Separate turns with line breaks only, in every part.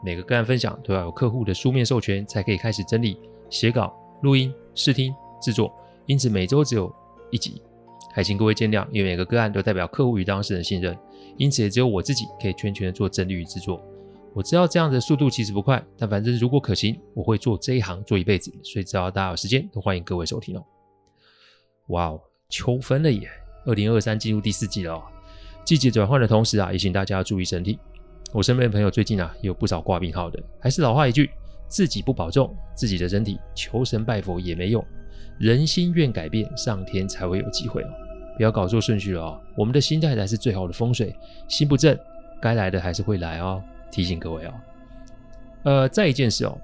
每個個案分享都要有客戶的書面授權才可以開始整理、寫稿、錄音、試聽、製作，因此每周只有一集，還請各位見諒，因為每個個案都代表客戶與當事人的信任，因此也只有我自己可以全權的做整理與製作。我知道這樣的速度其實不快，但反正如果可行，我會做這一行做一輩子，所以只要大家有時間都歡迎各位收聽哦。哇哦，秋分了耶，二零二三進入第四季了哦，季節轉換的同時啊，也請大家要注意身體。我身邊的朋友最近啊，有不少掛病號的。還是老話一句，自己不保重自己的身體，求神拜佛也沒用。人心願改變，上天才會有機會哦。不要搞錯順序了哦。我們的心態才是最好的風水。心不正，該來的還是會來哦。提醒各位哦。呃，再一件事哦。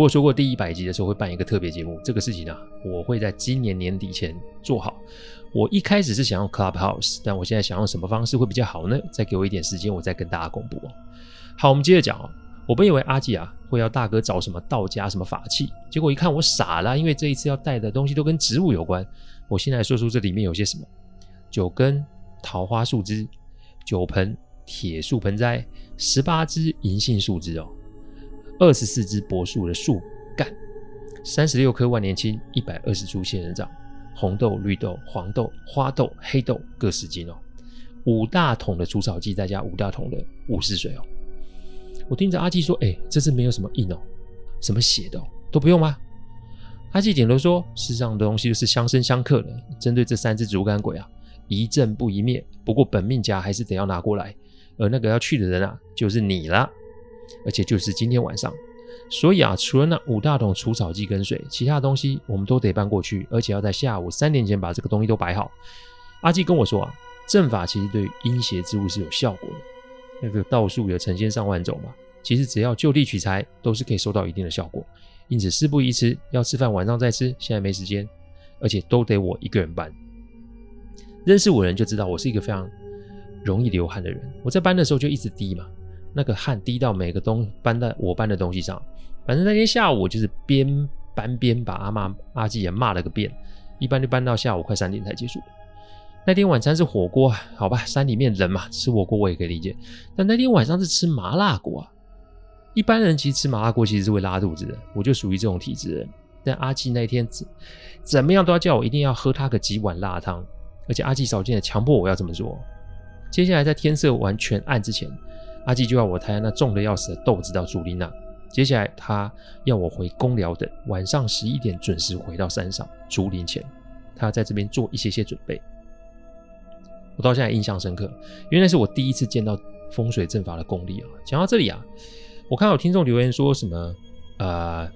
如果說過第一百集的時候會辦一個特別節目，這個事情呢、啊，我會在今年年底前做好。我一開始是想用 Clubhouse，但我現在想用什麼方式會比較好呢？再給我一點時間，我再跟大家公布哦。好，我們接着講哦。我本以為阿記啊會要大哥找什麼道家什麼法器，結果一看我傻了，因為這一次要帶的東西都跟植物有關。我現在說說這裡面有些什麼：九根桃花樹枝，九盆鐵樹盆栽，十八枝銀杏樹枝哦。二十四支柏樹的樹幹，三十六棵萬年青，一百二十株仙人掌，紅豆、綠豆、黃豆、花豆、黑豆各十斤哦。五大桶的除草劑，再加五大桶的五十水哦。我聽着阿基說：“誒、欸、這是沒有什麼印哦，什麼血的哦，都不用嗎？”阿基點頭說：“世上的東西就是相生相克的，針對這三只竹竿鬼啊，一正不一滅。不過本命甲還是得要拿過來，而那個要去的人啊，就是你了。”而且就是今天晚上，所以啊，除了那五大桶除草劑跟水，其他的東西我們都得搬過去，而且要在下午三點前把這個東西都擺好。阿繼跟我說啊，陣法其實對陰邪之物是有效果的，那個道術有成千上萬種嘛，其實只要就地取材，都是可以收到一定的效果。因此事不宜遲，要吃飯晚上再吃，現在沒時間，而且都得我一個人搬。認識我的人就知道我是一個非常容易流汗的人，我在搬的時候就一直滴嘛。那個汗，滴到每個東搬到我搬的東西上，反正那天下午就是邊搬邊把阿媽、阿季也罵了個遍，一般就搬到下午快三點才結束。那天晚餐是火鍋，好吧，山裡面人嘛，吃火鍋我也可以理解，但那天晚上是吃麻辣鍋，啊，一般人其實吃麻辣鍋其實是會拉肚子的，我就屬於這種體質。但阿季那天怎怎麼樣都要叫我一定要喝他個幾碗辣湯，而且阿季少見的強迫我要這麼做。接下來在天色完全暗之前。阿吉就要我抬那重的要死的豆子到竹林那，接下來他要我回公寮等，晚上十一點準時回到山上竹林前，他要在這邊做一些些準備。我到現在印象深刻，因為那是我第一次見到風水陣法的功力啊。講到這裡啊，我看到有聽眾留言說什麼啊、呃，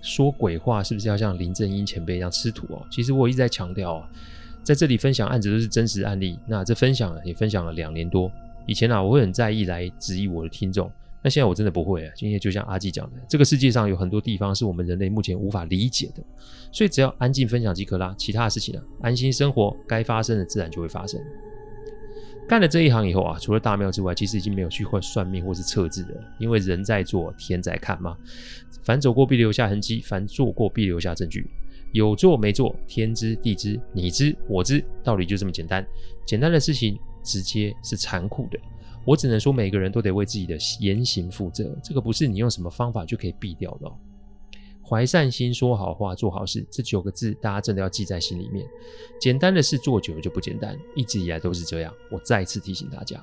說鬼話是不是要像林正英前輩一樣吃土哦？其實我一直在強調啊，在這裡分享案子都是真實案例，那這分享也分享了兩年多。以前啊，我會很在意來質疑我的聽眾，那現在我真的不會啊。今天就像阿紀講的，這個世界上有很多地方是我們人類目前無法理解的，所以只要安靜分享即可啦。其他的事情呢、啊，安心生活，該發生的自然就會發生。幹了這一行以後啊，除了大廟之外，其實已經沒有去算算命或是測字了，因為人在做，天在看嘛。凡走過必留下痕跡，凡做過必留下證據。有做沒做，天知地知，你知我知，道理就這麼簡單。簡單的事情。直接是殘酷的。我只能說，每個人都得為自己的言行負責。這個不是你用什麼方法就可以避掉的哦。懷善心，說好話，做好事，這九個字大家真的要記在心裡面。簡單的事做久了就不簡單，一直以來都是這樣。我再次提醒大家。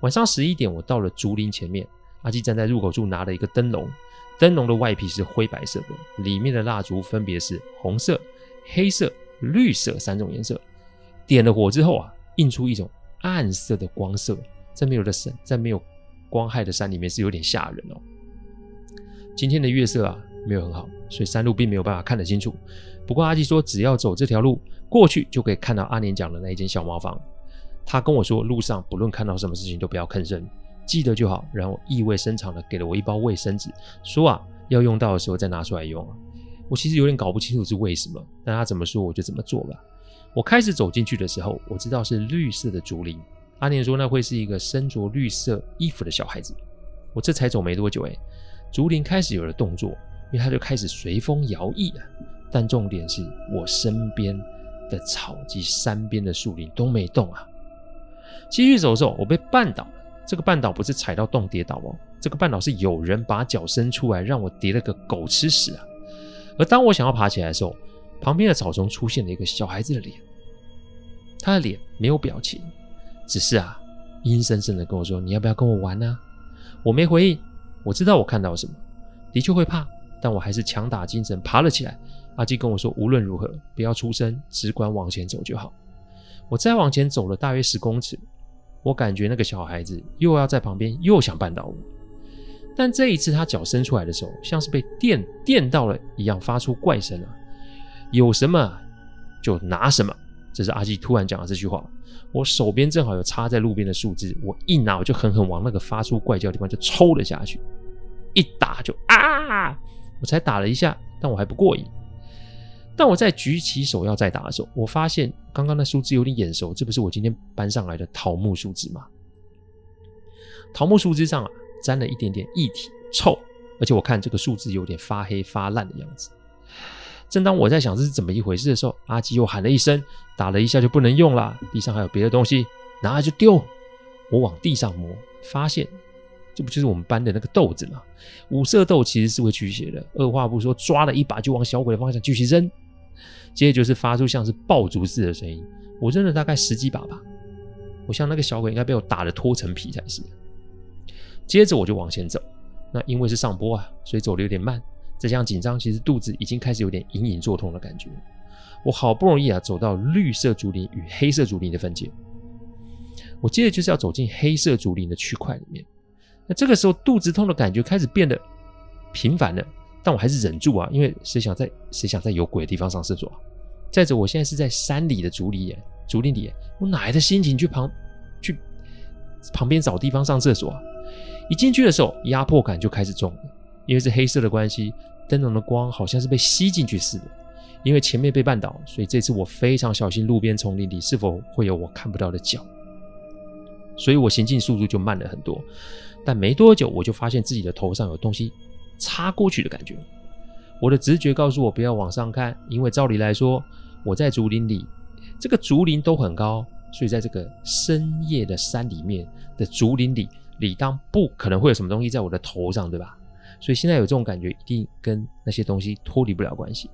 晚上十一點，我到了竹林前面，阿基站在入口處拿了一個燈籠。燈籠的外皮是灰白色的，裡面的蠟燭分別是紅色、黑色、綠色三種顏色。點了火之後啊，映出一種。暗色的光色，在沒有的山，在沒有光害的山裡面是有點嚇人哦。今天的月色啊，沒有很好，所以山路並沒有辦法看得清楚。不過阿基說，只要走這條路過去，就可以看到阿年講的那一間小茅房。他跟我說，路上不論看到什麼事情都不要吭聲，記得就好。然後意味深長的給了我一包衛生紙，說啊，要用到的時候再拿出來用啊。我其實有點搞不清楚是為什麼，但他怎麼說我就怎麼做吧。我開始走進去的時候，我知道是綠色的竹林。阿年說那會是一個身着綠色衣服的小孩子。我這才走沒多久，欸，誒竹林開始有了動作，因為它就開始隨風搖曳了，但重點是我身邊的草及山邊的樹林都沒動啊。繼續走的時候，我被絆倒了。這個絆倒不是踩到洞跌倒哦，這個絆倒是有人把腳伸出來讓我跌了個狗吃屎啊。而當我想要爬起來的時候，旁邊的草叢出現了一個小孩子的臉，他的臉沒有表情，只是啊，陰森森的跟我說：“你要不要跟我玩啊？”我沒回應，我知道我看到了什麼，的確會怕，但我還是強打精神爬了起來。阿基跟我說：“無論如何，不要出聲，只管往前走就好。”我再往前走了大約十公尺，我感覺那個小孩子又要在旁邊又想絆倒我，但這一次他腳伸出來的時候，像是被電電到了一樣，發出怪聲啊！有什麼就拿什麼，這是阿基突然講的這句話。我手邊正好有插在路邊的樹枝，我一拿我就狠狠往那個發出怪叫的地方就抽了下去，一打就啊！我才打了一下，但我還不過癮。當我再舉起手要再打的時候，我發現剛剛那樹枝有點眼熟，這不是我今天搬上來的桃木樹枝嗎？桃木樹枝上、啊、沾了一點點液體，臭，而且我看這個樹枝有點發黑發爛的樣子。正當我在想這是怎麼一回事的時候，阿基又喊了一聲，打了一下就不能用了。地上還有別的東西，拿來就丟。我往地上摸，發現這不就是我們班的那個豆子嗎？五色豆其實是會驅邪的。二話不說，抓了一把就往小鬼的方向繼續扔。接着就是發出像是爆竹似的聲音。我扔了大概十幾把吧。我想那個小鬼應該被我打得脫層皮才是。接着我就往前走。那因為是上坡啊，所以走的有點慢。再加上緊張，其實肚子已經開始有點隱隱作痛的感覺。我好不容易啊走到綠色竹林與黑色竹林的分界，我接着就是要走進黑色竹林的區塊裡面。那這個時候肚子痛的感覺開始變得頻繁了，但我還是忍住啊，因為誰想在誰想在有鬼的地方上廁所啊？再者，我現在是在山裡的竹林耶，竹林裡耶，我哪來的心情去旁去旁邊找地方上廁所啊？一進去的時候，壓迫感就開始重了。因為是黑色的關係，燈籠的光好像是被吸進去似的。因為前面被絆倒，所以這次我非常小心路邊叢林裡是否會有我看不到的腳，所以我行進速度就慢了很多。但沒多久，我就發現自己的頭上有東西插過去的感覺。我的直覺告訴我不要往上看，因為照理來說，我在竹林裡，這個竹林都很高，所以在這個深夜的山裡面的竹林裡，理當不可能會有什麼東西在我的頭上，對吧？所以現在有這種感覺，一定跟那些東西脫離不了關係。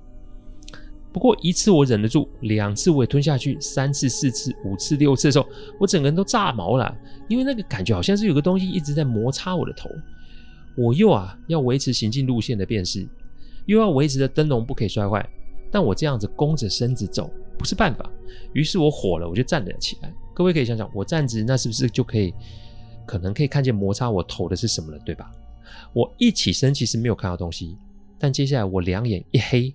不過一次我忍得住，兩次我也吞下去，三次、四次、五次、六次的時候，我整個人都炸毛了，因為那個感覺好像是有個東西一直在摩擦我的頭。我又啊，要維持行進路線的辨識，又要維持著燈籠不可以摔壞，但我這樣子弓着身子走不是辦法，於是我火了，我就站了起來。各位可以想想，我站直那是不是就可以，可能可以看見摩擦我頭的是什麼了，對吧？我一起身，其實沒有看到東西，但接下來我兩眼一黑，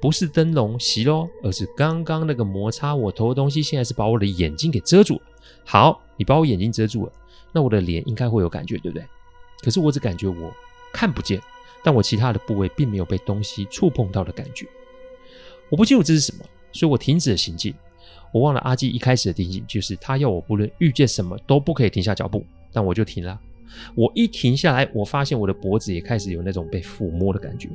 不是燈籠熄嘍，而是剛剛那個摩擦我頭的東西，現在是把我的眼睛給遮住了。好，你把我眼睛遮住了，那我的臉應該會有感覺，對不對？可是我只感覺我看不見，但我其他的部位並沒有被東西觸碰到的感覺。我不清楚這是什麼，所以我停止了行進。我忘了阿基一開始的定性，就是他要我不論遇見什麼都不可以停下腳步，但我就停了。我一停下來，我發現我的脖子也開始有那種被撫摸的感覺。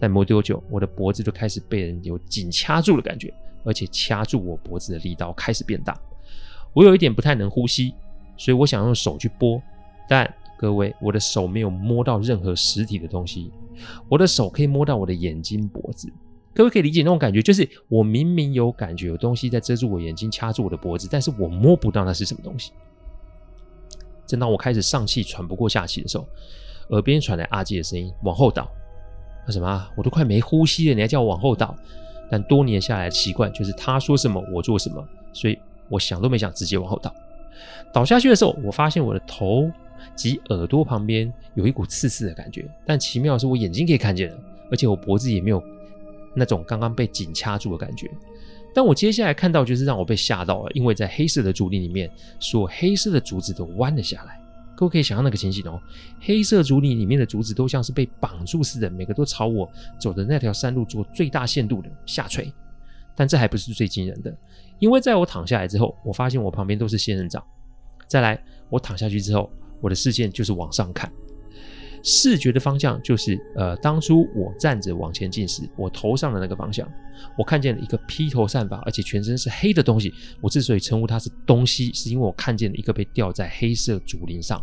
但沒多久，我的脖子就開始被人有緊掐住的感覺，而且掐住我脖子的力道開始變大。我有一點不太能呼吸，所以我想用手去撥。但各位，我的手沒有摸到任何實體的東西，我的手可以摸到我的眼睛、脖子。各位可以理解那種感覺，就是我明明有感覺有東西在遮住我眼睛、掐住我的脖子，但是我摸不到那是什麼東西。正當我開始上氣喘不過下氣的時候，耳邊傳來阿基的聲音：“往後倒。”那什麼，我都快沒呼吸了，你還叫我往後倒？但多年下來的習慣就是他說什麼我做什麼，所以我想都沒想，直接往後倒。倒下去的時候，我發現我的頭及耳朵旁邊有一股刺刺的感覺，但奇妙的是我眼睛可以看見了，而且我脖子也沒有那種剛剛被緊掐住的感覺。但我接下來看到，就是讓我被嚇到了，因為在黑色的竹林裡面，所有黑色的竹子都彎了下來。各位可以想象那個情形哦，黑色竹林裡面的竹子都像是被綁住似的，每個都朝我走的那條山路做最大限度的下垂。但這還不是最驚人的，因為在我躺下來之後，我發現我旁邊都是仙人掌。再來，我躺下去之後，我的視線就是往上看。視覺的方向就是，呃，當初我站着往前進時，我頭上的那個方向，我看見了一個披頭散髮而且全身是黑的東西。我之所以稱呼它是東西，是因為我看見了一個被吊在黑色竹林上，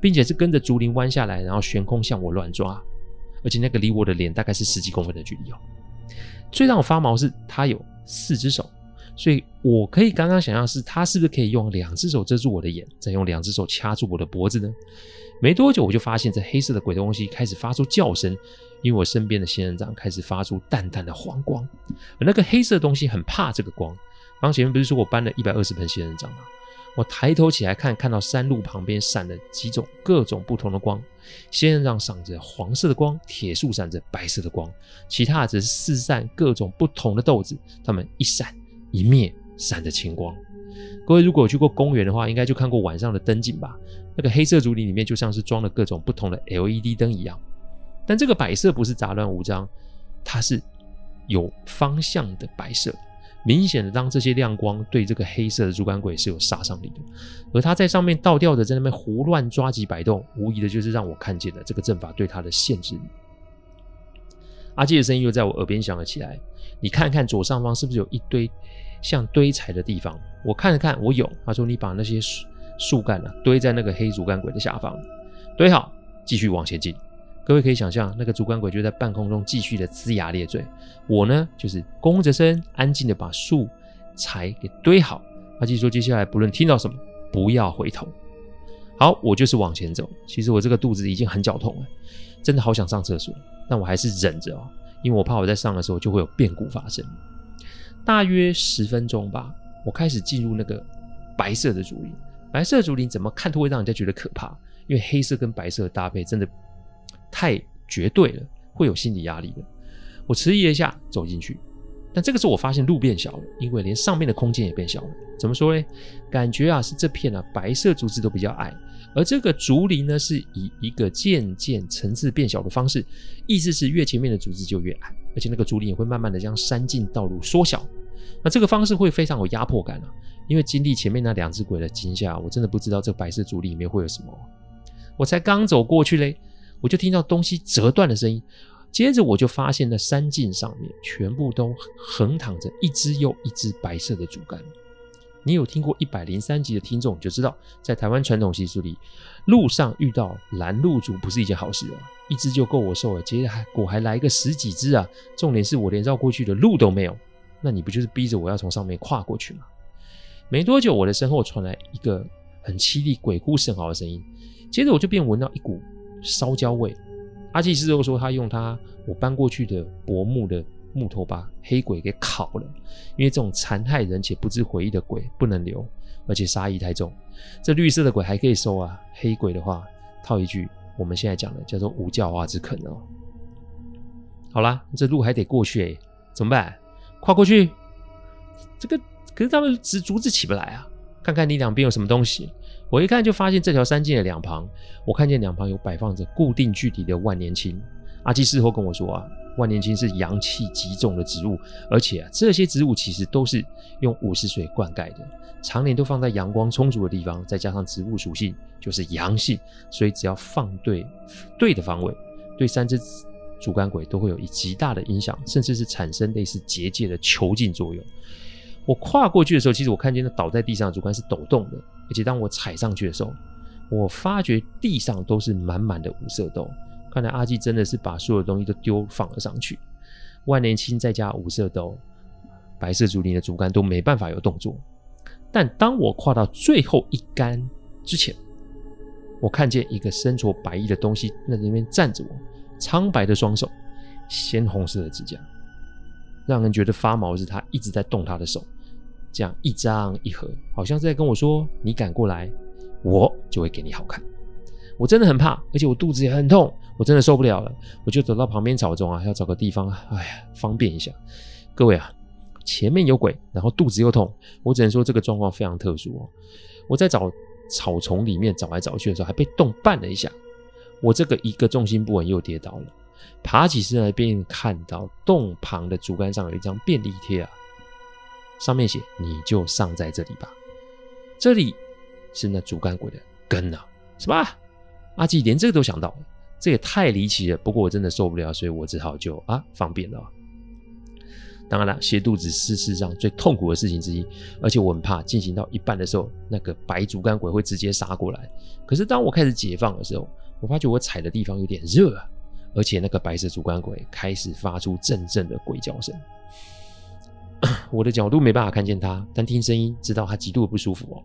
並且是跟着竹林彎下來，然後懸空向我亂抓，而且那個離我的臉大概是十幾公分的距離哦。最讓我發毛是它有四只手，所以我可以剛剛想象是它是不是可以用兩只手遮住我的眼，再用兩只手掐住我的脖子呢？沒多久，我就發現這黑色的鬼的東西開始發出叫聲，因為我身邊的仙人掌開始發出淡淡的黃光，而那個黑色的東西很怕這個光。剛前面不是說我搬了一百二十盆仙人掌嗎？我抬頭起來看，看到山路旁邊閃了幾種各種不同的光，仙人掌閃着黃色的光，鐵樹閃着白色的光，其他只是四散各種不同的豆子，它們一閃一滅，閃着青光。各位如果有去過公園的話，應該就看過晚上的燈景吧？那個黑色竹林裡面就像是裝了各種不同的 LED 燈一樣，但這個擺設不是雜亂無章，它是有方向的擺設。明顯的，當這些亮光對這個黑色的竹竿鬼是有殺傷力的，而他在上面倒吊着，在那邊胡亂抓幾擺動，無疑的就是讓我看見了這個陣法對他的限制力。阿杰的聲音又在我耳邊響了起來：“你看看左上方是不是有一堆？”像堆柴的地方，我看了看，我有。他說：“你把那些樹樹幹呢、啊、堆在那個黑竹竿鬼的下方，堆好，繼續往前進。”各位可以想象，那個竹竿鬼就在半空中繼續的齜牙咧嘴。我呢，就是弓着身，安靜的把樹柴給堆好。他繼續說：“接下來不論聽到什麼，不要回頭。”好，我就是往前走。其實我這個肚子已經很絞痛了，真的好想上廁所，但我還是忍着哦，因為我怕我在上的時候就會有變故發生。大約十分鐘吧，我開始進入那個白色的竹林。白色的竹林怎麼看都會讓人家覺得可怕，因為黑色跟白色的搭配真的太絕對了，會有心理壓力的。我遲疑了一下走進去。但這個時候我發現路變小了，因為連上面的空間也變小了。怎麼說呢？感覺啊是這片啊白色竹子都比較矮，而這個竹林呢是以一個漸漸層次變小的方式，意思是越前面的竹子就越矮，而且那個竹林也會慢慢的將山徑道路縮小。那這個方式會非常有壓迫感啊！因為經歷前面那兩隻鬼的驚嚇，我真的不知道這白色竹林裡面會有什麼。我才剛走過去嘞，我就聽到東西折斷的聲音。接着我就發現那山徑上面全部都橫躺着一只又一只白色的竹竿。你有聽過一百零三集的聽眾，就知道在台灣傳統習俗裡，路上遇到攔路竹不是一件好事啊！一只就夠我受了，接着還我還來個十幾隻啊！重點是我連繞過去的路都沒有，那你不就是逼着我要從上面跨過去嗎？沒多久，我的身後傳來一個很淒厲、鬼哭神嚎的聲音，接着我就便聞到一股燒焦味。阿濟斯又說，他用他我搬過去的柏木的木頭把黑鬼給烤了，因為這種殘害人且不知悔意的鬼不能留，而且殺意太重。這綠色的鬼還可以收啊，黑鬼的話，套一句我們現在講的叫做無教化之可能哦。好啦，這路還得過去誒、欸，怎麼辦？跨過去？這個可是他們只竹子起不來啊！看看你兩邊有什麼東西。我一看就發現這條山徑的兩旁，我看見兩旁有擺放着固定距離的萬年青。阿基事後跟我說啊，萬年青是陽氣極重的植物，而且啊，這些植物其實都是用午時水灌溉的，常年都放在陽光充足的地方，再加上植物屬性就是陽性，所以只要放對對的方位，對三隻竹竿鬼都會有極大的影響，甚至是產生類似結界的囚禁作用。我跨過去的時候，其實我看見那倒在地上的竹竿是抖動的。而且當我踩上去的時候，我發覺地上都是滿滿的五色豆，看來阿紀真的是把所有的東西都丟放了上去。萬年青再加五色豆，白色竹林的竹竿都沒辦法有動作。但當我跨到最後一竿之前，我看見一個身着白衣的東西在那邊站着我，蒼白的雙手，鮮紅色的指甲，讓人覺得發毛是他一直在動他的手。這樣一張一合，好像是在跟我說：“你敢過來，我就會給你好看。”我真的很怕，而且我肚子也很痛，我真的受不了了。我就走到旁邊草叢啊，要找個地方，哎呀，方便一下。各位啊，前面有鬼，然後肚子又痛，我只能說這個狀況非常特殊哦。我在找草叢裡面找來找去的時候，還被洞絆了一下，我這個一個重心不穩又跌倒了。爬起身來便看到洞旁的竹竿上有一張便利貼啊。上面寫，你就上在這裡吧。這裡是那竹竿鬼的根呢、啊，是吧？阿紀連這個都想到了，這也太離奇了。不過我真的受不了，所以我只好就啊，方便了。當然了，瀉肚子是世上最痛苦的事情之一，而且我很怕進行到一半的時候，那個白竹竿鬼會直接殺過來。可是當我開始解放的時候，我發覺我踩的地方有點熱，啊，而且那個白色竹竿鬼開始發出陣陣的鬼叫聲。 我的角度沒辦法看見他，但聽聲音知道他極度的不舒服哦。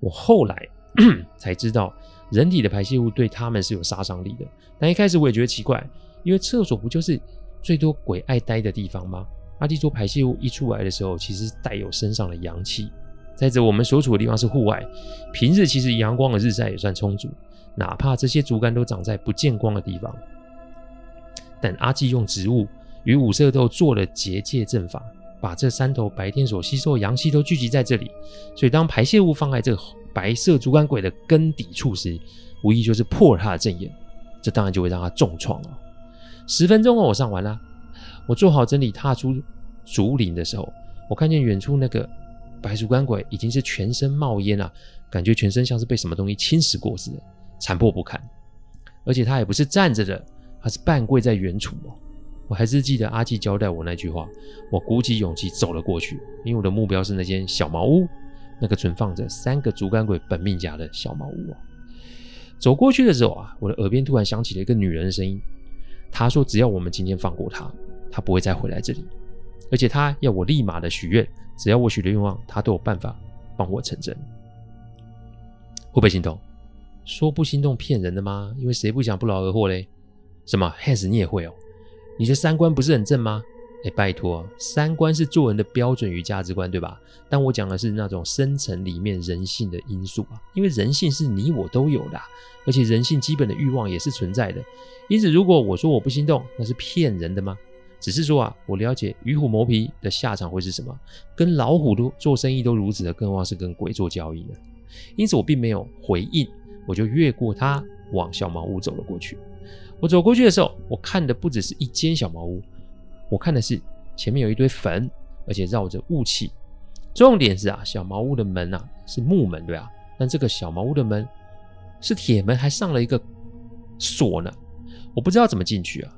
我後來 才知道，人體的排泄物對他們是有殺傷力的。但一開始我也覺得奇怪，因為廁所不就是最多鬼愛待的地方嗎？阿季說，排泄物一出來的時候，其實帶有身上的陽氣。再者，我們所處的地方是戶外，平日其實陽光的日曬也算充足。哪怕這些竹竿都長在不見光的地方，但阿季用植物與五色豆做了結界陣法。把這三頭白天所吸收陽氣都聚集在這裡，所以當排泄物放在這白色竹竿鬼的根底處時，無疑就是破了他的陣眼，這當然就會讓他重創。哦、十分鐘後我上完了，我做好整理，踏出竹林的時候，我看見遠處那個白竹竿鬼已經是全身冒煙了，感覺全身像是被什麼東西侵蝕過似的，殘破不堪，而且他也不是站着的，他是半跪在原處，我還是記得阿紀交代我那句話，我鼓起勇氣走了過去，因為我的目標是那間小茅屋，那個存放着三個竹竿鬼本命甲的小茅屋、哦。走過去的時候啊，我的耳邊突然響起了一個女人的聲音。她說：“只要我們今天放過她，她不會再回來這裡，而且她要我立馬的許願，只要我許的願望，她都有辦法幫我成真。”會不會心動？說不心動騙人的嗎？因為誰不想不勞而獲嘞？什麼 Hans 你也會哦？你的三觀不是很正嗎？哎，拜托啊，三觀是做人的標準與價值觀，對吧？但我講的是那種深層裡面人性的因素啊，因為人性是你我都有的啊，而且人性基本的慾望也是存在的。因此，如果我說我不心動，那是騙人的嗎？只是說啊，我了解與虎謀皮的下場會是什麼？跟老虎都做生意都如此的，更何況是跟鬼做交易呢？因此，我並沒有回應，我就越過他往小茅屋走了過去。我走過去的時候，我看的不只是一間小茅屋，我看的是前面有一堆墳，而且繞着霧氣。重點是啊，小茅屋的門啊是木門，對啊。但這個小茅屋的門是鐵門，還上了一個鎖呢。我不知道怎麼進去啊。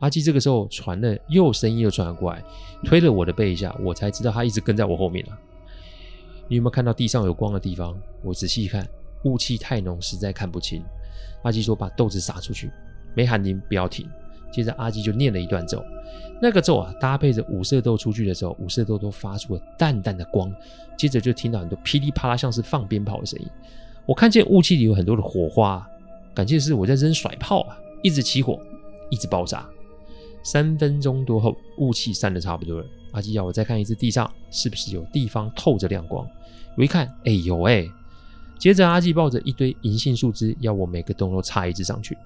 阿基這個時候傳了又聲音又傳了過來，推了我的背一下，我才知道他一直跟在我後面了啊。你有沒有看到地上有光的地方？我仔細一看，霧氣太濃，實在看不清。阿基說：“把豆子撒出去。”沒喊您不要停，接着阿基就念了一段咒。那個咒啊，搭配着五色豆出去的時候，五色豆都發出了淡淡的光。接着就聽到很多噼里啪啦，像是放鞭炮的聲音。我看見霧氣裡有很多的火花。感覺是我在扔甩炮啊，一直起火，一直爆炸。三分鐘多後，霧氣散得差不多了。阿基要我再看一次地上，是不是有地方透着亮光？我一看，哎有哎、欸。接着阿基抱着一堆銀杏樹枝，要我每個洞都插一支上去。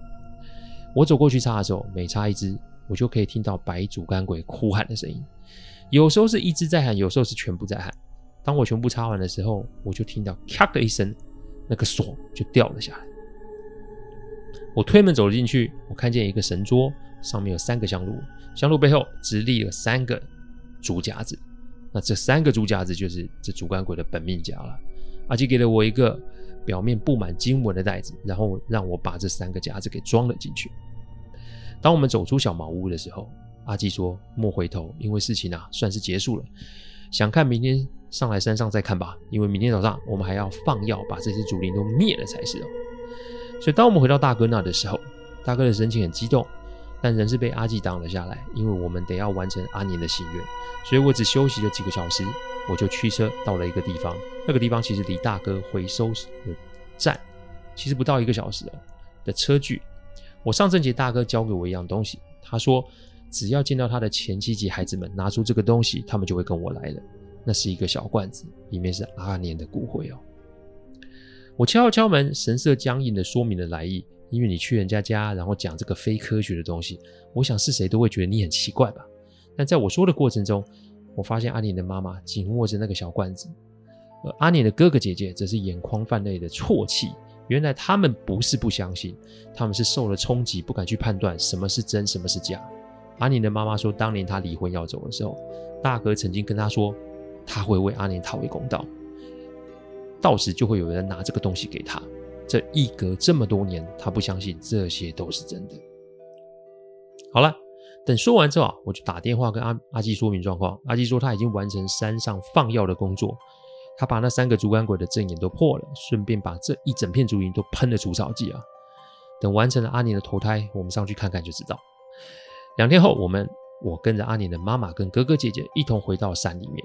我走過去插的時候，每插一支，我就可以聽到白竹竿鬼哭喊的聲音。有時候是一支在喊，有時候是全部在喊。當我全部插完的時候，我就聽到咔的一聲，那個鎖就掉了下來。我推門走了進去，我看見一個神桌，上面有三個香爐，香爐背後直立了三個竹夾子。那這三個竹夾子就是這竹竿鬼的本命夾了。阿吉給了我一個表面布滿經文的袋子，然後讓我把這三個夾子給裝了進去。當我們走出小茅屋的時候，阿基說：“莫回頭，因為事情啊算是結束了。想看明天上來山上再看吧，因為明天早上我們還要放藥，把這些竹林都滅了才是哦。”所以，當我們回到大哥那的時候，大哥的神情很激動，但仍是被阿基擋了下來，因為我們得要完成阿年的心願。所以我只休息了幾個小時，我就驅車到了一個地方。那個地方其實離大哥回收時的站其實不到一個小時的車距。我上正節大哥教給我一樣東西，他說：“只要見到他的前妻及孩子們，拿出這個東西，他們就會跟我來了。”那是一個小罐子，裡面是阿年的骨灰哦。我敲了敲門，神色僵硬的說明了來意。因為你去人家家，然後講這個非科學的東西，我想是誰都會覺得你很奇怪吧。但在我說的過程中，我發現阿年的媽媽緊握着那個小罐子，而阿年的哥哥姐姐則是眼眶泛淚的啜泣。原來他們不是不相信，他們是受了衝擊，不敢去判斷什麼是真，什麼是假。阿寧的媽媽說，當年他離婚要走的時候，大哥曾經跟他說，他會為阿寧討回公道，到時就會有人拿這個東西給他。這一隔這麼多年，他不相信這些都是真的。好了，等說完之後，我就打電話跟阿阿基說明狀況。阿基說他已經完成山上放藥的工作。他把那三個竹竿鬼的陣眼都破了，順便把這一整片竹林都噴了除草劑啊！等完成了阿年的投胎，我們上去看看就知道。兩天後，我們我跟着阿年的媽媽跟哥哥姐姐一同回到了山裡面。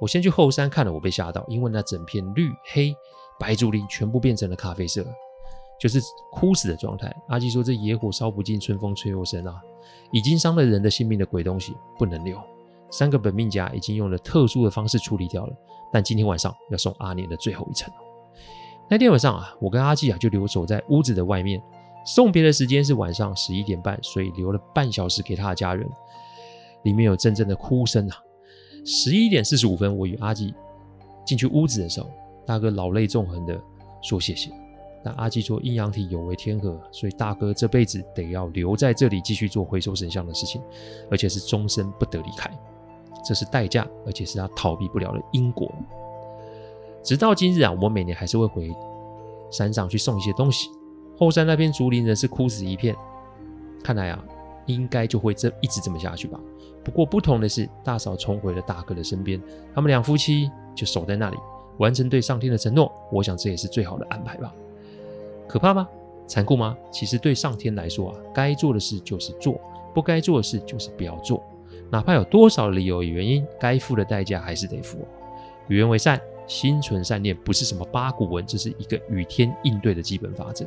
我先去後山看了，我被嚇到，因為那整片綠黑白竹林全部變成了咖啡色，就是枯死的狀態。阿基說：“這野火燒不盡，春風吹又生啊！已經傷了人的性命的鬼東西，不能留。”三個本命甲已經用了特殊的方式處理掉了，但今天晚上要送阿年的最後一程。那天晚上啊，我跟阿季啊就留守在屋子的外面。送別的時間是晚上十一點半，所以留了半小時給他的家人。裡面有陣陣的哭聲啊。十一點四十五分，我與阿季進去屋子的時候，大哥老淚縱橫的說謝謝。但阿季說陰陽體有違天和，所以大哥這輩子得要留在這裡繼續做回收神像的事情，而且是終身不得離開。這是代價，而且是他逃避不了的因果。直到今日啊，我每年還是會回山上去送一些東西。後山那片竹林呢，是枯死一片，看來啊，應該就會這一直這麼下去吧。不過不同的是，大嫂重回了大哥的身邊，他們兩夫妻就守在那裡，完成對上天的承諾。我想這也是最好的安排吧。可怕嗎？殘酷嗎？其實對上天來說啊，該做的事就是做，不該做的事就是不要做。哪怕有多少理由與原因，該付的代價還是得付。與人為善，心存善念，不是什麼八股文，這是一個與天應對的基本法則。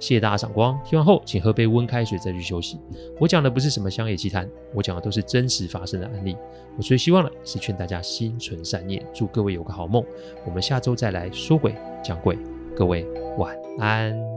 謝謝大家賞光，聽完後請喝杯溫開水再去休息。我講的不是什麼鄉野奇談，我講的都是真實發生的案例。我最希望的是勸大家心存善念，祝各位有個好夢。我們下週再來說詭講鬼，各位晚安。